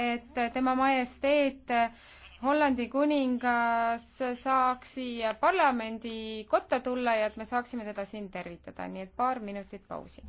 et tema majesteet Hollandi kuningas saaks siia parlamendi kotta tulla ja et me saaksime teda siin tervitada, nii et paar minutit pausi.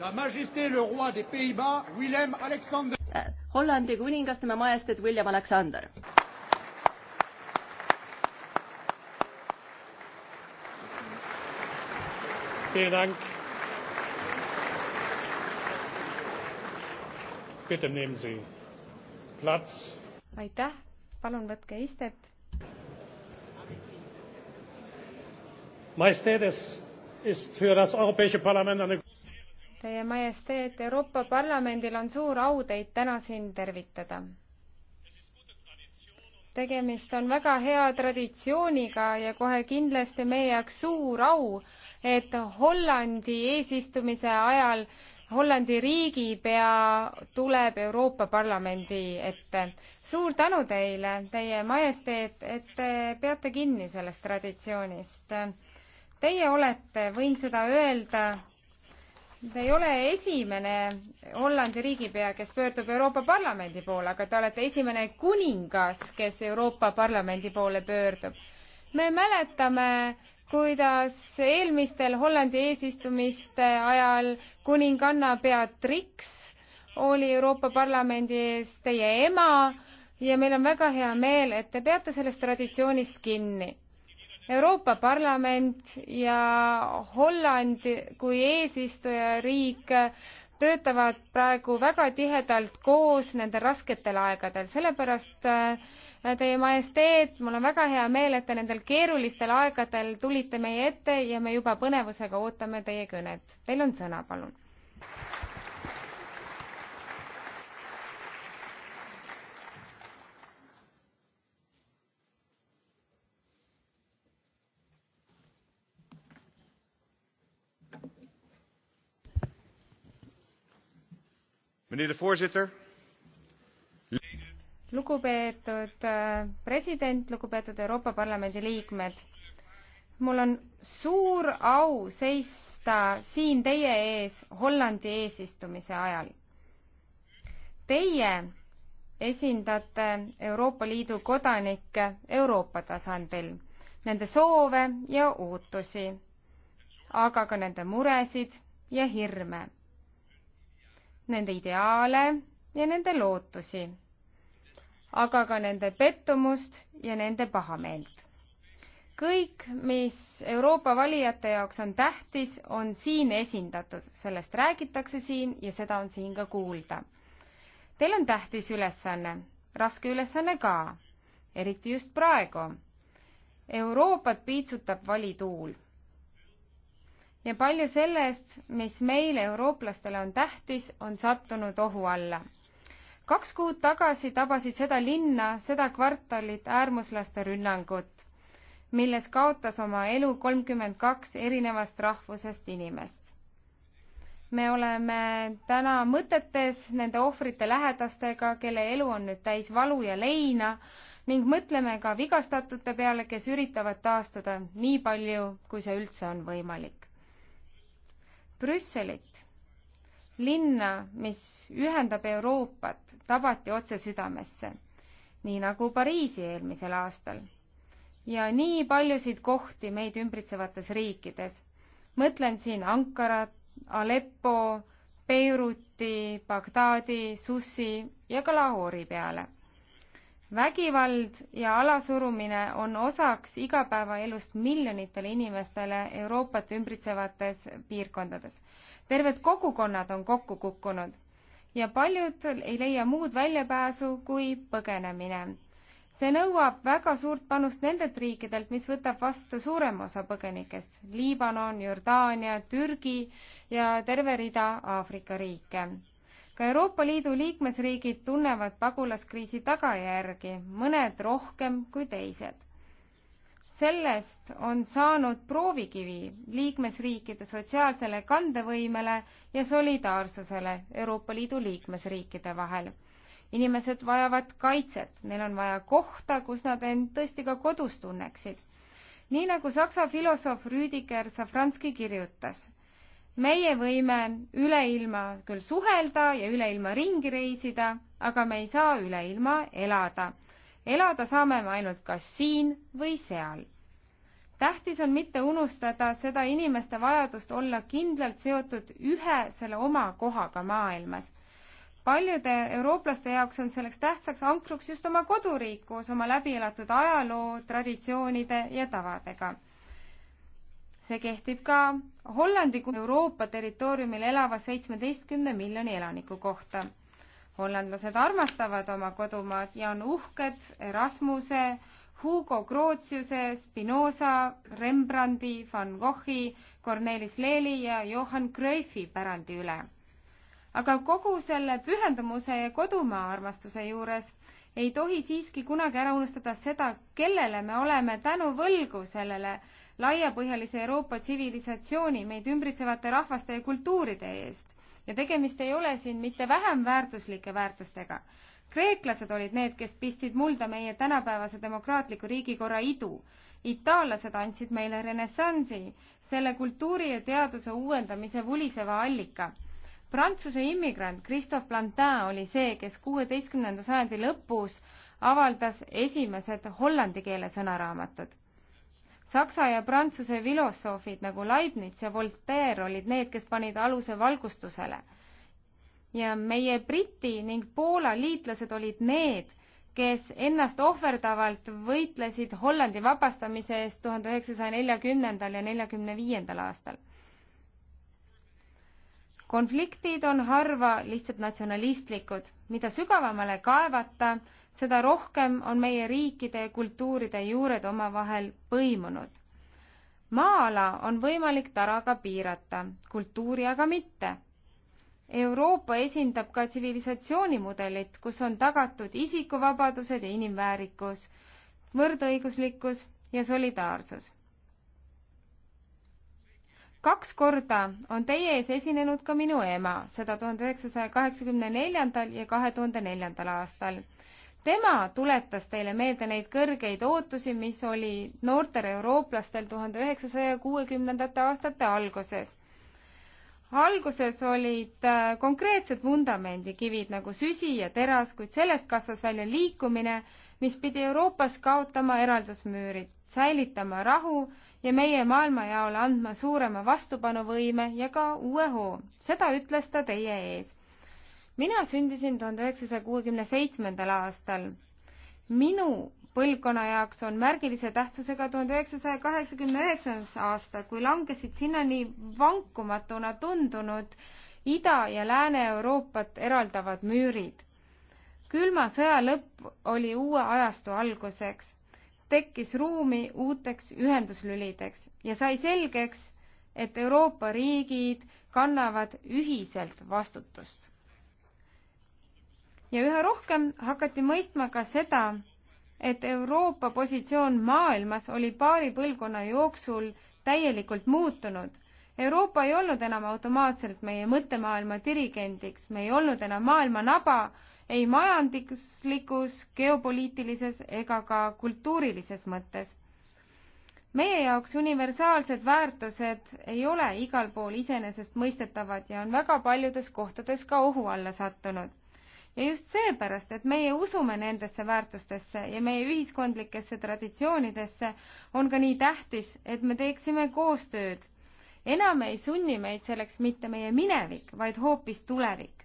Sa Majesté le roi des Pays-Bas, Willem Alexander. Äh, Hollandi kuningas, tema majesteet William Alexander. Vielen Dank. Bitte nehmen Sie Platz. Aitäh, palun võtke istet. Majestät, es ist für das Europäische Parlament eine Teie Majesteet, Euroopa Parlamendil on suur au teid täna siin tervitada. tegemist on väga hea traditsiooniga ja kohe kindlasti meie jaoks suur au, et Hollandi eesistumise ajal Hollandi riigipea tuleb Euroopa Parlamendi ette. suur tänu teile, Teie Majesteet, et te peate kinni sellest traditsioonist. Teie olete, võin seda öelda, ei ole esimene Hollandi riigipea, kes pöördub Euroopa Parlamendi poole, aga te olete esimene kuningas, kes Euroopa Parlamendi poole pöördub. me mäletame, kuidas eelmistel Hollandi eesistumiste ajal kuninganna Beatrix oli Euroopa Parlamendi ees teie ema ja meil on väga hea meel, et te peate sellest traditsioonist kinni Euroopa Parlament ja Hollandi kui eesistujariik töötavad praegu väga tihedalt koos nendel rasketel aegadel, sellepärast äh, Teie Majesteet, mul on väga hea meel, et te nendel keerulistel aegadel tulite meie ette ja me juba põnevusega ootame teie kõnet. Teil on sõna, palun lugupeetud äh, president, lugupeetud Euroopa Parlamendi liikmed. mul on suur au seista siin teie ees Hollandi eesistumise ajal. Teie esindate Euroopa Liidu kodanikke Euroopa tasandil, nende soove ja ootusi, aga ka nende muresid ja hirme nende ideaale ja nende lootusi, aga ka nende pettumust ja nende pahameelt. kõik, mis Euroopa valijate jaoks on tähtis, on siin esindatud, sellest räägitakse siin ja seda on siin ka kuulda. Teil on tähtis ülesanne, raske ülesanne ka, eriti just praegu. Euroopat piitsutab valituul ja palju sellest, mis meile, eurooplastele, on tähtis, on sattunud ohu alla. kaks kuud tagasi tabasid seda linna, seda kvartalit äärmuslaste rünnangud, milles kaotas oma elu kolmkümmend kaks erinevast rahvusest inimest. me oleme täna mõtetes nende ohvrite lähedastega, kelle elu on nüüd täis valu ja leina ning mõtleme ka vigastatute peale, kes üritavad taastuda nii palju, kui see üldse on võimalik Brüsselit, linna, mis ühendab Euroopat, tabati otse südamesse, nii nagu Pariisi eelmisel aastal. ja nii paljusid kohti meid ümbritsevates riikides. mõtlen siin Ankarat, Aleppo, Beiruti, Bagdaadi, Sussi ja ka Lahori peale vägivald ja alasurumine on osaks igapäevaelust miljonitele inimestele Euroopat ümbritsevates piirkondades. terved kogukonnad on kokku kukkunud ja paljud ei leia muud väljapääsu kui põgenemine. see nõuab väga suurt panust nendelt riikidelt, mis võtab vastu suurem osa põgenikest – Liibanon, Jordaania, Türgi ja terve rida Aafrika riike ka Euroopa Liidu liikmesriigid tunnevad pagulaskriisi tagajärgi, mõned rohkem kui teised. sellest on saanud proovikivi liikmesriikide sotsiaalsele kandevõimele ja solidaarsusele Euroopa Liidu liikmesriikide vahel inimesed vajavad kaitset, neil on vaja kohta, kus nad end tõesti ka kodus tunneksid. nii nagu saksa filosoof Rüdiger Safranski kirjutas, meie võime üle ilma küll suhelda ja üle ilma ringi reisida, aga me ei saa üle ilma elada. elada saame me ainult kas siin või seal. tähtis on mitte unustada seda inimeste vajadust olla kindlalt seotud ühe selle oma kohaga maailmas paljude eurooplaste jaoks on selleks tähtsaks ankruks just oma koduriik koos oma läbielatud ajaloo, traditsioonide ja tavadega see kehtib ka Hollandi kui Euroopa territooriumil elava seitsmeteistkümne miljoni elaniku kohta. hollandlased armastavad oma kodumaad ja on uhked Erasmuse, Hugo Grotiuse, Spinoza, Rembrandi, Van Goghi, Cornelis Leeli ja Johan Cruyffi pärandi üle. aga kogu selle pühendumuse ja kodumaa armastuse juures ei tohi siiski kunagi ära unustada seda, kellele me oleme tänu võlgu sellele laiapõhjalise Euroopa tsivilisatsiooni meid ümbritsevate rahvaste ja kultuuride eest ja tegemist ei ole siin mitte vähem väärtuslike väärtustega. kreeklased olid need, kes pistsid mulda meie tänapäevase demokraatliku riigikorra idu. itaallased andsid meile renessansi, selle kultuuri ja teaduse uuendamise vuliseva allika. Prantsuse immigrant Christophe Plantin oli see, kes kuueteistkümnenda sajandi lõpus avaldas esimesed hollandi keele sõnaraamatud Saksa ja Prantsuse filosoofid nagu Leibniz ja Voltaire olid need, kes panid aluse valgustusele. ja meie Briti ning Poola liitlased olid need, kes ennast ohverdavalt võitlesid Hollandi vabastamise eest tuhande üheksasaja neljakümnendal ja neljakümne viiendal aastal. konfliktid on harva lihtsalt natsionalistlikud, mida sügavamale kaevata, seda rohkem on meie riikide ja kultuuride juured omavahel põimunud. maa-ala on võimalik taraga piirata, kultuuri aga mitte. Euroopa esindab ka tsivilisatsioonimudelit, kus on tagatud isikuvabadused ja inimväärikus, võrdõiguslikkus ja solidaarsus. kaks korda on teie ees esinenud ka minu ema, seda tuhande üheksasaja kaheksakümne neljandal ja kahe tuhande neljandal aastal tema tuletas teile meelde neid kõrgeid ootusi, mis oli noortel eurooplastel tuhande üheksasaja kuuekümnendate aastate alguses. alguses olid äh, konkreetsed vundamendikivid nagu süsi ja teras, kuid sellest kasvas välja liikumine, mis pidi Euroopas kaotama eraldusmüürid, säilitama rahu ja meie maailmajaole andma suurema vastupanuvõime ja ka uue UH. hoo. seda ütles ta teie ees mina sündisin tuhande üheksasaja kuuekümne seitsmendal aastal. minu põlvkonna jaoks on märgilise tähtsusega tuhande üheksasaja kaheksakümne üheksandas aasta, kui langesid sinnani vankumatuna tundunud Ida- ja Lääne-Euroopat eraldavad müürid. külma sõja lõpp oli uue ajastu alguseks, tekkis ruumi uuteks ühenduslülideks ja sai selgeks, et Euroopa riigid kannavad ühiselt vastutust ja üha rohkem hakati mõistma ka seda, et Euroopa positsioon maailmas oli paari põlvkonna jooksul täielikult muutunud. Euroopa ei olnud enam automaatselt meie mõttemaailma dirigendiks, me ei olnud enam maailma naba ei majanduslikus, geopoliitilises ega ka kultuurilises mõttes. meie jaoks universaalsed väärtused ei ole igal pool iseenesestmõistetavad ja on väga paljudes kohtades ka ohu alla sattunud ja just seepärast, et meie usume nendesse väärtustesse ja meie ühiskondlikesse traditsioonidesse, on ka nii tähtis, et me teeksime koostööd. enam ei sunni meid selleks mitte meie minevik, vaid hoopis tulevik.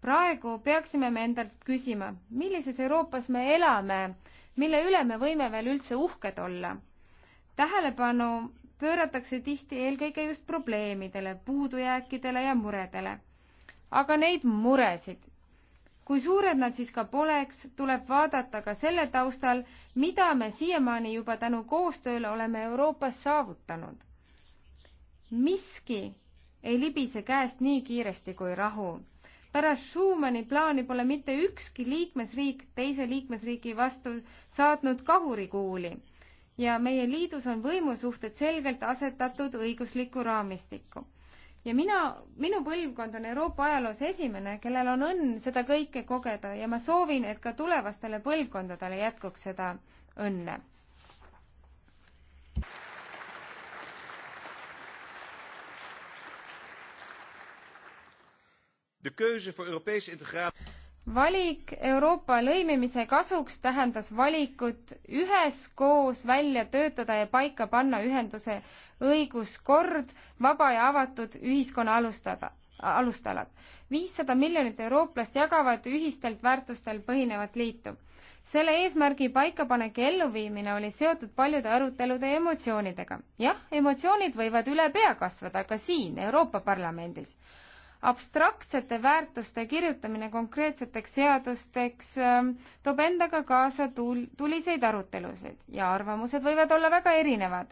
praegu peaksime me endalt küsima, millises Euroopas me elame, mille üle me võime veel üldse uhked olla. tähelepanu pööratakse tihti eelkõige just probleemidele, puudujääkidele ja muredele. aga neid muresid kui suured nad siis ka poleks, tuleb vaadata ka selle taustal, mida me siiamaani juba tänu koostööle oleme Euroopas saavutanud. miski ei libise käest nii kiiresti kui rahu. pärast Schumanni plaani pole mitte ükski liikmesriik teise liikmesriigi vastu saatnud kahurikuuli ja meie liidus on võimusuhted selgelt asetatud õiguslikku raamistikku ja mina, minu põlvkond on Euroopa ajaloos esimene, kellel on õnn seda kõike kogeda ja ma soovin, et ka tulevastele põlvkondadele jätkuks seda õnne. de keuze voor Europese integratie valik Euroopa lõimimise kasuks tähendas valikut üheskoos välja töötada ja paika panna ühenduse õiguskord, vaba ja avatud ühiskonna alustada, alustalad. viissada miljonit eurooplast jagavad ühistelt väärtustel põhinevat liitu. selle eesmärgi paikapanek ja elluviimine oli seotud paljude arutelude ja emotsioonidega. jah, emotsioonid võivad üle pea kasvada ka siin Euroopa Parlamendis abstraktsete väärtuste kirjutamine konkreetseteks seadusteks ähm, toob endaga kaasa tul-, tuliseid arutelusid ja arvamused võivad olla väga erinevad.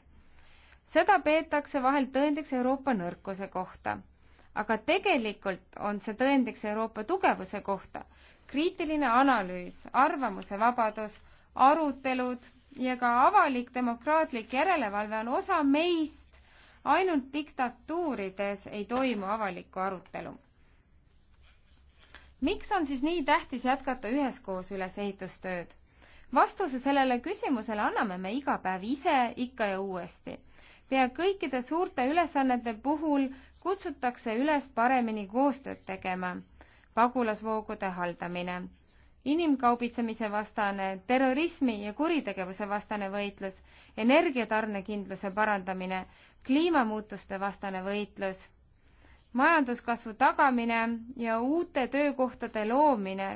seda peetakse vahel tõendiks Euroopa nõrkuse kohta. aga tegelikult on see tõendiks Euroopa tugevuse kohta. kriitiline analüüs, arvamusevabadus, arutelud ja ka avalik demokraatlik järelevalve on osa meist, ainult diktatuurides ei toimu avalikku arutelu. miks on siis nii tähtis jätkata üheskoos ülesehitustööd? vastuse sellele küsimusele anname me iga päev ise ikka ja uuesti. pea kõikide suurte ülesannete puhul kutsutakse üles paremini koostööd tegema. pagulasvoogude haldamine inimkaubitsemise vastane, terrorismi ja kuritegevuse vastane võitlus, energiatarnekindluse parandamine, kliimamuutuste vastane võitlus, majanduskasvu tagamine ja uute töökohtade loomine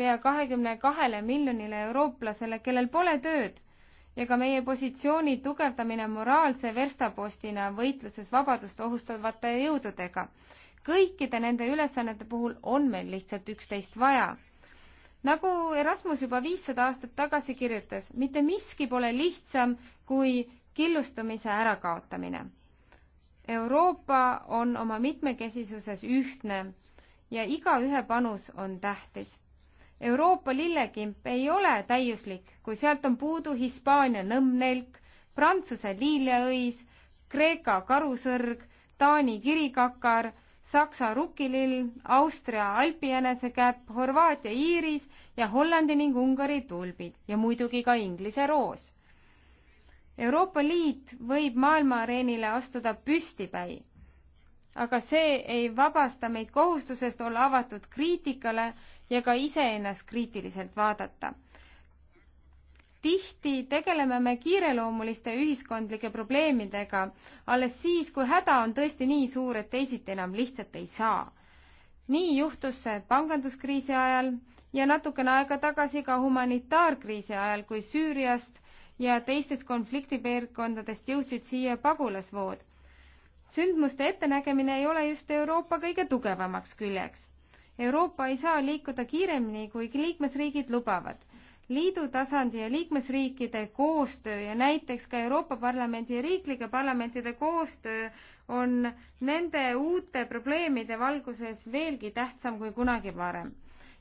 pea kahekümne kahele miljonile eurooplasele, kellel pole tööd, ja ka meie positsiooni tugevdamine moraalse verstapostina võitluses vabadust ohustavate jõududega. kõikide nende ülesannete puhul on meil lihtsalt üksteist vaja nagu Erasmus juba viissada aastat tagasi kirjutas, mitte miski pole lihtsam kui killustumise ärakaotamine. Euroopa on oma mitmekesisuses ühtne ja igaühe panus on tähtis. Euroopa lillekimp ei ole täiuslik, kui sealt on puudu Hispaania nõmmnelk, Prantsuse lilleõis, Kreeka karusõrg, Taani kirikakar Saksa rukkilill, Austria alpijänesekäpp, Horvaatia iiris ja Hollandi ning Ungari tulbid ja muidugi ka Inglise roos. Euroopa Liit võib maailma areenile astuda püstipäi, aga see ei vabasta meid kohustusest olla avatud kriitikale ja ka iseennast kriitiliselt vaadata tihti tegeleme me kiireloomuliste ühiskondlike probleemidega alles siis, kui häda on tõesti nii suur, et teisiti enam lihtsalt ei saa. nii juhtus see panganduskriisi ajal ja natukene aega tagasi ka humanitaarkriisi ajal, kui Süüriast ja teistest konfliktipiirkondadest jõudsid siia pagulasvood. sündmuste ettenägemine ei ole just Euroopa kõige tugevamaks küljeks. Euroopa ei saa liikuda kiiremini, kui liikmesriigid lubavad liidu tasandi ja liikmesriikide koostöö ja näiteks ka Euroopa Parlamendi ja riiklike parlamentide koostöö on nende uute probleemide valguses veelgi tähtsam kui kunagi varem.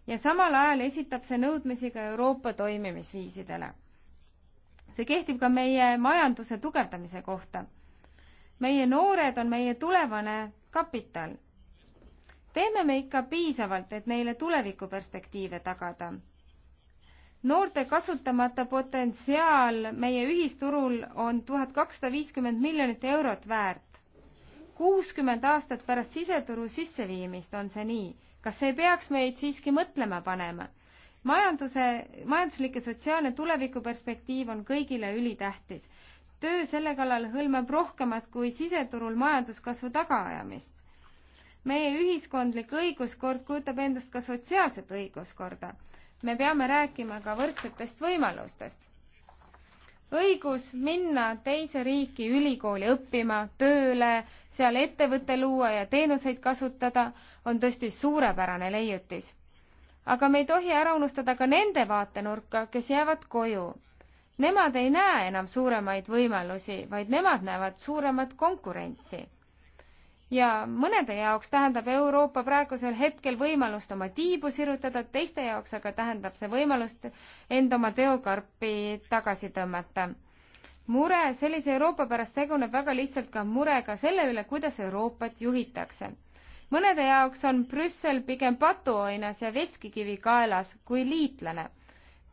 ja samal ajal esitab see nõudmisi ka Euroopa toimimisviisidele. see kehtib ka meie majanduse tugevdamise kohta. meie noored on meie tulevane kapital teeme me ikka piisavalt, et neile tulevikuperspektiive tagada noorte kasutamata potentsiaal meie ühisturul on tuhat kakssada viiskümmend miljonit eurot väärt. kuuskümmend aastat pärast siseturu sisseviimist on see nii. kas see ei peaks meid siiski mõtlema panema? majanduse, majanduslik ja sotsiaalne tulevikuperspektiiv on kõigile ülitähtis. töö selle kallal hõlmab rohkemat kui siseturul majanduskasvu tagaajamist. meie ühiskondlik õiguskord kujutab endast ka sotsiaalset õiguskorda me peame rääkima ka võrdsetest võimalustest. õigus minna teise riiki ülikooli õppima, tööle, seal ettevõte luua ja teenuseid kasutada on tõesti suurepärane leiutis. aga me ei tohi ära unustada ka nende vaatenurka, kes jäävad koju. Nemad ei näe enam suuremaid võimalusi, vaid nemad näevad suuremat konkurentsi ja mõnede jaoks tähendab Euroopa praegusel hetkel võimalust oma tiibu sirutada, teiste jaoks aga tähendab see võimalust end oma teokarpi tagasi tõmmata. mure sellise Euroopa pärast seguneb väga lihtsalt ka murega selle üle, kuidas Euroopat juhitakse. mõnede jaoks on Brüssel pigem patuoinas ja veskikivi kaelas kui liitlane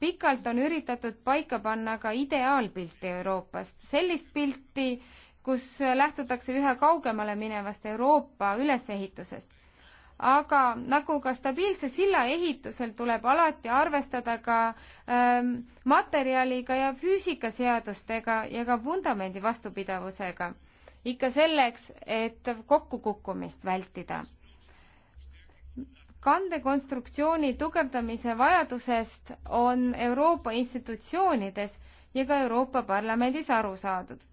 pikalt on üritatud paika panna ka ideaalpilti Euroopast, sellist pilti, kus lähtutakse üha kaugemale minevast Euroopa ülesehitusest. aga nagu ka stabiilse silla ehitusel tuleb alati arvestada ka ähm, materjaliga ja füüsikaseadustega ja ka vundamendi vastupidavusega, ikka selleks, et kokkukukkumist vältida kandekonstruktsiooni tugevdamise vajadusest on Euroopa institutsioonides ja ka Euroopa Parlamendis aru saadud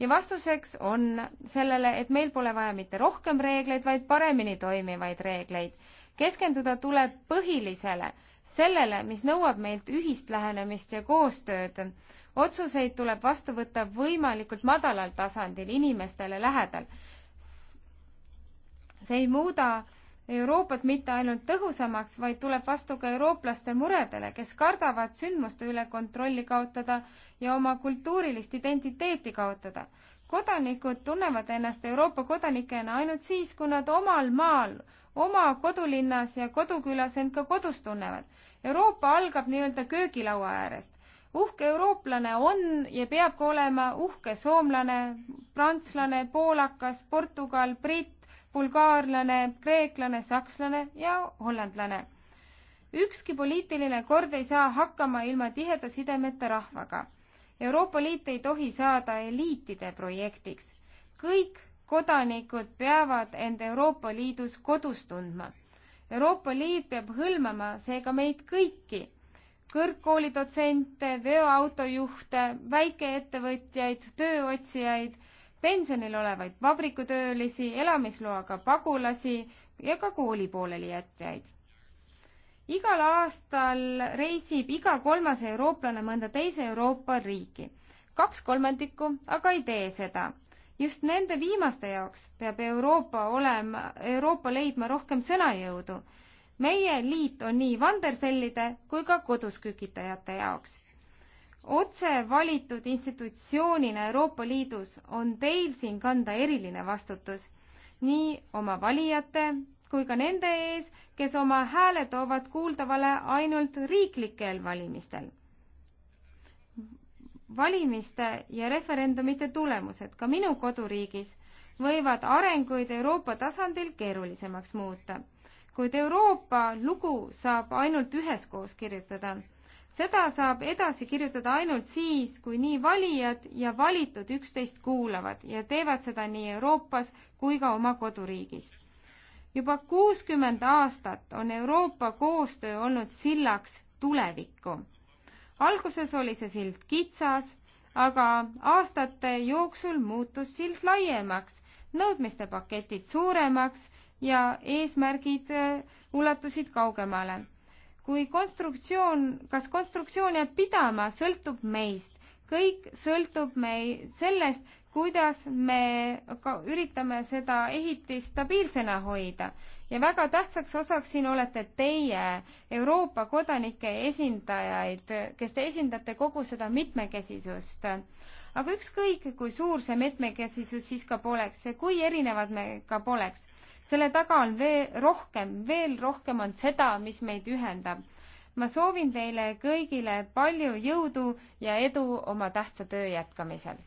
ja vastuseks on sellele, et meil pole vaja mitte rohkem reegleid, vaid paremini toimivaid reegleid. keskenduda tuleb põhilisele, sellele, mis nõuab meilt ühist lähenemist ja koostööd. otsuseid tuleb vastu võtta võimalikult madalal tasandil, inimestele lähedal. see ei muuda Euroopat mitte ainult tõhusamaks, vaid tuleb vastu ka eurooplaste muredele, kes kardavad sündmuste üle kontrolli kaotada ja oma kultuurilist identiteeti kaotada. kodanikud tunnevad ennast Euroopa kodanikena ainult siis, kui nad omal maal, oma kodulinnas ja kodukülas end ka kodus tunnevad. Euroopa algab nii-öelda köögilaua äärest. uhke eurooplane on ja peab ka olema uhke soomlane, prantslane, poolakas, Portugal, britt, bulgaarlane, kreeklane, sakslane ja hollandlane. ükski poliitiline kord ei saa hakkama ilma tiheda sidemeta rahvaga. Euroopa Liit ei tohi saada eliitide projektiks. kõik kodanikud peavad end Euroopa Liidus kodus tundma. Euroopa Liit peab hõlmama seega meid kõiki, kõrgkoolidotsente, veoautojuhte, väikeettevõtjaid, tööotsijaid pensionil olevaid vabrikutöölisi, elamisloaga pagulasi ja ka kooli poolelijätjaid. igal aastal reisib iga kolmas eurooplane mõnda teise Euroopa riiki. kaks kolmandikku aga ei tee seda. just nende viimaste jaoks peab Euroopa olema, Euroopa leidma rohkem sõnajõudu. meie liit on nii vandersellide kui ka kodus kükitajate jaoks otse valitud institutsioonina Euroopa Liidus on teil siin kanda eriline vastutus nii oma valijate kui ka nende ees, kes oma hääle toovad kuuldavale ainult riiklikel valimistel. valimiste ja referendumite tulemused ka minu koduriigis võivad arenguid Euroopa tasandil keerulisemaks muuta, kuid Euroopa lugu saab ainult üheskoos kirjutada seda saab edasi kirjutada ainult siis, kui nii valijad ja valitud üksteist kuulavad ja teevad seda nii Euroopas kui ka oma koduriigis. juba kuuskümmend aastat on Euroopa koostöö olnud sillaks tulevikku. alguses oli see sild kitsas, aga aastate jooksul muutus sild laiemaks, nõudmiste paketid suuremaks ja eesmärgid eh, ulatusid kaugemale kui konstruktsioon, kas konstruktsioon jääb pidama, sõltub meist. kõik sõltub mei-, sellest, kuidas me ka üritame seda ehitist stabiilsena hoida. ja väga tähtsaks osaks siin olete teie, Euroopa kodanike esindajaid, kes te esindate kogu seda mitmekesisust. aga ükskõik, kui suur see mitmekesisus siis ka poleks ja kui erinevad me ka poleks, selle taga on veel rohkem, veel rohkem on seda, mis meid ühendab. ma soovin teile kõigile palju jõudu ja edu oma tähtsa töö jätkamisel.